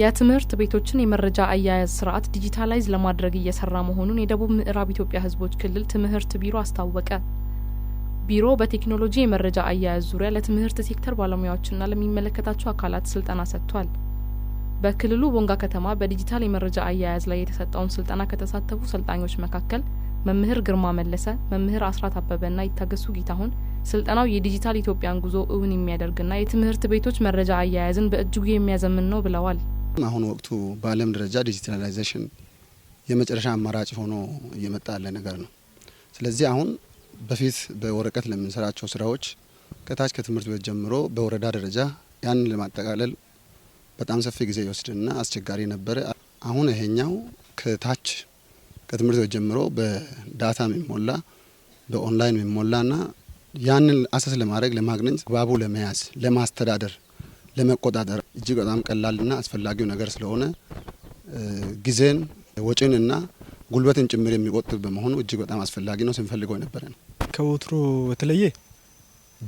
የትምህርት ቤቶችን የመረጃ አያያዝ ስርዓት ዲጂታላይዝ ለማድረግ እየሰራ መሆኑን የደቡብ ምዕራብ ኢትዮጵያ ህዝቦች ክልል ትምህርት ቢሮ አስታወቀ። ቢሮ በቴክኖሎጂ የመረጃ አያያዝ ዙሪያ ለትምህርት ሴክተር ባለሙያዎችና ለሚመለከታቸው አካላት ስልጠና ሰጥቷል። በክልሉ ቦንጋ ከተማ በዲጂታል የመረጃ አያያዝ ላይ የተሰጠውን ስልጠና ከተሳተፉ ሰልጣኞች መካከል መምህር ግርማ መለሰ፣ መምህር አስራት አበበና ይታገሱ ጌታሁን ስልጠናው የዲጂታል ኢትዮጵያን ጉዞ እውን የሚያደርግና የትምህርት ቤቶች መረጃ አያያዝን በእጅጉ የሚያዘምን ነው ብለዋል። አሁን ወቅቱ በዓለም ደረጃ ዲጂታላይዜሽን የመጨረሻ አማራጭ ሆኖ እየመጣ ያለ ነገር ነው። ስለዚህ አሁን በፊት በወረቀት ለምንሰራቸው ስራዎች ከታች ከትምህርት ቤት ጀምሮ በወረዳ ደረጃ ያንን ለማጠቃለል በጣም ሰፊ ጊዜ ይወስድና አስቸጋሪ ነበረ። አሁን ይሄኛው ከታች ከትምህርት ቤት ጀምሮ በዳታ የሚሞላ በኦንላይን የሚሞላና ያንን አሰስ ለማድረግ ለማግኘት ግባቡ ለመያዝ ለማስተዳደር ለመቆጣጠር እጅግ በጣም ቀላልና አስፈላጊው ነገር ስለሆነ ጊዜን ወጪን እና ጉልበትን ጭምር የሚቆጥብ በመሆኑ እጅግ በጣም አስፈላጊ ነው፣ ስንፈልገው የነበረ ነው። ከወትሮ በተለየ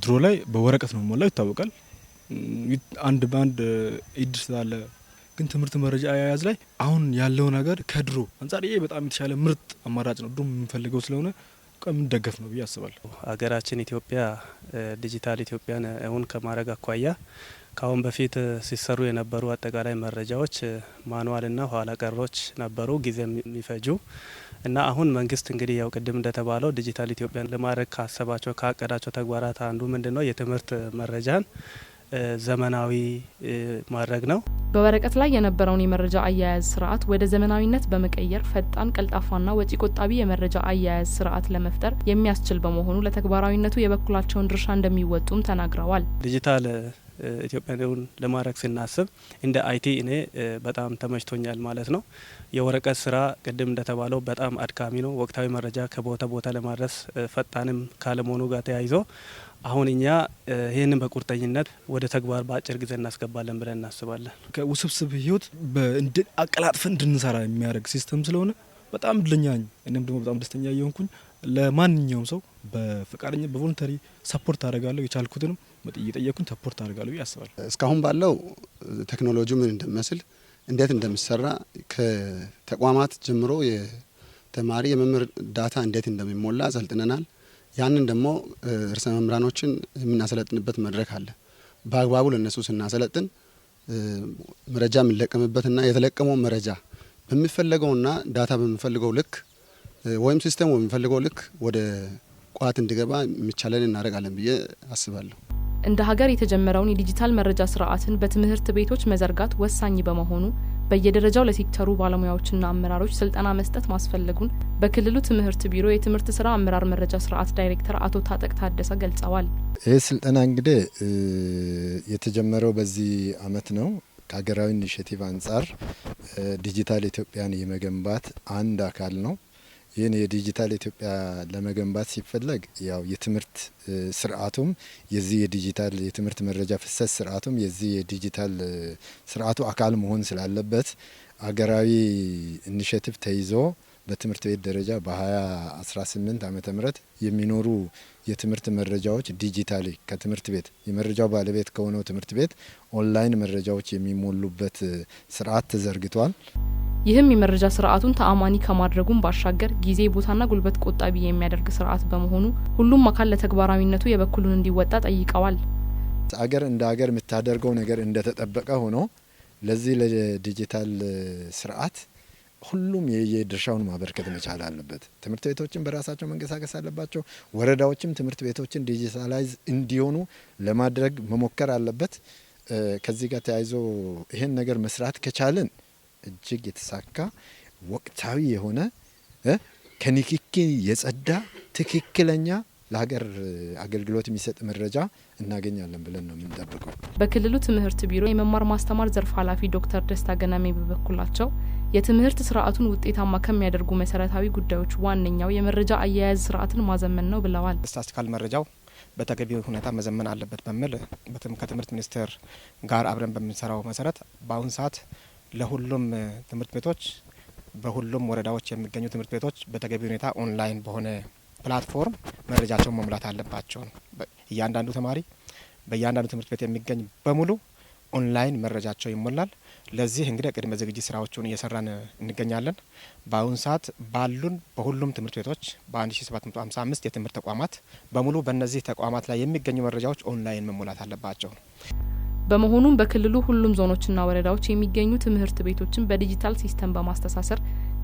ድሮ ላይ በወረቀት ነው ሞላው ይታወቃል። አንድ በአንድ ኢድ ስላለ ግን ትምህርት መረጃ አያያዝ ላይ አሁን ያለው ነገር ከድሮ አንጻር ይሄ በጣም የተሻለ ምርጥ አማራጭ ነው። ድሮ የምንፈልገው ስለሆነ የምንደገፍ ነው ብዬ አስባለሁ። ሀገራችን ኢትዮጵያ ዲጂታል ኢትዮጵያን እውን ከማድረግ አኳያ ከአሁን በፊት ሲሰሩ የነበሩ አጠቃላይ መረጃዎች ማንዋልና ኋላ ቀሮች ነበሩ፣ ጊዜ የሚፈጁ እና አሁን መንግስት እንግዲህ ያው ቅድም እንደተባለው ዲጂታል ኢትዮጵያን ለማድረግ ካሰባቸው ካቀዳቸው ተግባራት አንዱ ምንድን ነው የትምህርት መረጃን ዘመናዊ ማድረግ ነው። በወረቀት ላይ የነበረውን የመረጃ አያያዝ ስርዓት ወደ ዘመናዊነት በመቀየር ፈጣን፣ ቀልጣፋና ወጪ ቆጣቢ የመረጃ አያያዝ ስርዓት ለመፍጠር የሚያስችል በመሆኑ ለተግባራዊነቱ የበኩላቸውን ድርሻ እንደሚወጡም ተናግረዋል። ዲጂታል ኢትዮጵያውን ለማድረግ ስናስብ እንደ አይቲ እኔ በጣም ተመችቶኛል ማለት ነው። የወረቀት ስራ ቅድም እንደተባለው በጣም አድካሚ ነው። ወቅታዊ መረጃ ከቦታ ቦታ ለማድረስ ፈጣንም ካለመሆኑ ጋር ተያይዞ አሁን እኛ ይህንን በቁርጠኝነት ወደ ተግባር በአጭር ጊዜ እናስገባለን ብለን እናስባለን። ከውስብስብ ህይወት አቀላጥፈን እንድንሰራ የሚያደርግ ሲስተም ስለሆነ በጣም እድለኛ ነኝ። እኔም ደግሞ በጣም ደስተኛ እየሆንኩኝ ለማንኛውም ሰው በፈቃደኛ በቮለንተሪ ሰፖርት አደርጋለሁ። የቻልኩትንም እየጠየኩን ሰፖርት አደርጋለሁ ብዬ አስባለሁ። እስካሁን ባለው ቴክኖሎጂ ምን እንደሚመስል እንዴት እንደሚሰራ ከተቋማት ጀምሮ የተማሪ የመምህር ዳታ እንዴት እንደሚሞላ ሰልጥነናል። ያንን ደግሞ እርሰ መምህራኖችን የምናሰለጥንበት መድረክ አለ። በአግባቡ ለእነሱ ስናሰለጥን መረጃ የምንለቀምበትና የተለቀመው መረጃ በሚፈለገውና ዳታ በሚፈልገው ልክ ወይም ሲስተሙ በሚፈልገው ልክ ወደ ቋት እንዲገባ የሚቻለን እናደርጋለን ብዬ አስባለሁ። እንደ ሀገር የተጀመረውን የዲጂታል መረጃ ስርዓትን በትምህርት ቤቶች መዘርጋት ወሳኝ በመሆኑ በየደረጃው ለሴክተሩ ባለሙያዎችና አመራሮች ስልጠና መስጠት ማስፈለጉን በክልሉ ትምህርት ቢሮ የትምህርት ስራ አመራር መረጃ ስርዓት ዳይሬክተር አቶ ታጠቅ ታደሰ ገልጸዋል። ይህ ስልጠና እንግዲህ የተጀመረው በዚህ አመት ነው። ከሀገራዊ ኢኒሽቲቭ አንጻር ዲጂታል ኢትዮጵያን የመገንባት አንድ አካል ነው። ይህን የዲጂታል ኢትዮጵያ ለመገንባት ሲፈለግ ያው የትምህርት ስርዓቱም የዚህ የዲጂታል የትምህርት መረጃ ፍሰት ስርዓቱም የዚህ የዲጂታል ስርዓቱ አካል መሆን ስላለበት አገራዊ ኢኒሽቲቭ ተይዞ በትምህርት ቤት ደረጃ በ2018 ዓ ም የሚኖሩ የትምህርት መረጃዎች ዲጂታሊ ከትምህርት ቤት የመረጃው ባለቤት ከሆነው ትምህርት ቤት ኦንላይን መረጃዎች የሚሞሉበት ስርዓት ተዘርግቷል። ይህም የመረጃ ስርዓቱን ተአማኒ ከማድረጉም ባሻገር ጊዜ ቦታና ጉልበት ቆጣቢ የሚያደርግ ስርዓት በመሆኑ ሁሉም አካል ለተግባራዊነቱ የበኩሉን እንዲወጣ ጠይቀዋል። አገር እንደ አገር የምታደርገው ነገር እንደተጠበቀ ሆኖ ለዚህ ለዲጂታል ስርዓት ሁሉም የድርሻውን ማበርከት መቻል አለበት። ትምህርት ቤቶችን በራሳቸው መንቀሳቀስ አለባቸው። ወረዳዎችም ትምህርት ቤቶችን ዲጂታላይዝ እንዲሆኑ ለማድረግ መሞከር አለበት። ከዚህ ጋር ተያይዞ ይህን ነገር መስራት ከቻልን እጅግ የተሳካ ወቅታዊ የሆነ ከንክኪ የጸዳ ትክክለኛ ለሀገር አገልግሎት የሚሰጥ መረጃ እናገኛለን ብለን ነው የምንጠብቀው። በክልሉ ትምህርት ቢሮ የመማር ማስተማር ዘርፍ ኃላፊ ዶክተር ደስታ ገናሜ በበኩላቸው የትምህርት ስርዓቱን ውጤታማ ከሚያደርጉ መሰረታዊ ጉዳዮች ዋነኛው የመረጃ አያያዝ ስርዓትን ማዘመን ነው ብለዋል። ስታስቲካል መረጃው በተገቢ ሁኔታ መዘመን አለበት በሚል ከትምህርት ሚኒስቴር ጋር አብረን በምንሰራው መሰረት በአሁን ሰዓት ለሁሉም ትምህርት ቤቶች በሁሉም ወረዳዎች የሚገኙ ትምህርት ቤቶች በተገቢ ሁኔታ ኦንላይን በሆነ ፕላትፎርም መረጃቸውን መሙላት አለባቸው ነው። እያንዳንዱ ተማሪ በእያንዳንዱ ትምህርት ቤት የሚገኝ በሙሉ ኦንላይን መረጃቸው ይሞላል። ለዚህ እንግዲህ ቅድመ ዝግጅት ስራዎቹን እየሰራን እንገኛለን። በአሁኑ ሰዓት ባሉን በሁሉም ትምህርት ቤቶች በ1755 የትምህርት ተቋማት በሙሉ በእነዚህ ተቋማት ላይ የሚገኙ መረጃዎች ኦንላይን መሞላት አለባቸው። በመሆኑም በክልሉ ሁሉም ዞኖችና ወረዳዎች የሚገኙ ትምህርት ቤቶችን በዲጂታል ሲስተም በማስተሳሰር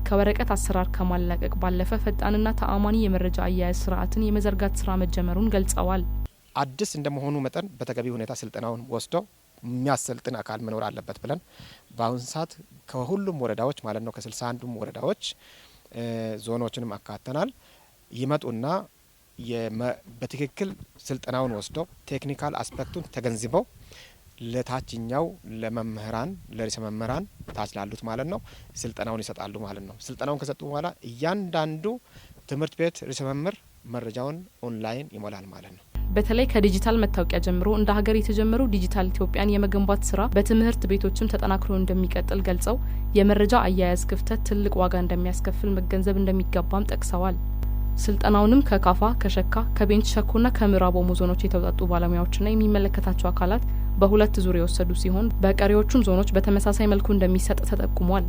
ከወረቀት አሰራር ከማላቀቅ ባለፈ ፈጣንና ተአማኒ የመረጃ አያያዝ ስርዓትን የመዘርጋት ስራ መጀመሩን ገልጸዋል። አዲስ እንደመሆኑ መጠን በተገቢ ሁኔታ ስልጠናውን ወስደው የሚያሰልጥን አካል መኖር አለበት ብለን በአሁን ሰዓት ከሁሉም ወረዳዎች ማለት ነው ከስልሳ አንዱም ወረዳዎች ዞኖችንም አካተናል ይመጡና በትክክል ስልጠናውን ወስደው ቴክኒካል አስፔክቱን ተገንዝበው ለታችኛው ለመምህራን ለርዕሰ መምህራን ታች ላሉት ማለት ነው ስልጠናውን ይሰጣሉ ማለት ነው። ስልጠናውን ከሰጡ በኋላ እያንዳንዱ ትምህርት ቤት ርዕሰ መምህር መረጃውን ኦንላይን ይሞላል ማለት ነው። በተለይ ከዲጂታል መታወቂያ ጀምሮ እንደ ሀገር የተጀመሩ ዲጂታል ኢትዮጵያን የመገንባት ስራ በትምህርት ቤቶችም ተጠናክሮ እንደሚቀጥል ገልጸው የመረጃ አያያዝ ክፍተት ትልቅ ዋጋ እንደሚያስከፍል መገንዘብ እንደሚገባም ጠቅሰዋል። ስልጠናውንም ከካፋ ከሸካ ከቤንች ና ከምዕራብ ኦሞ ዞኖች የተውጣጡ ባለሙያዎችና የሚመለከታቸው አካላት በሁለት ዙር የወሰዱ ሲሆን በቀሪዎቹም ዞኖች በተመሳሳይ መልኩ እንደሚሰጥ ተጠቁሟል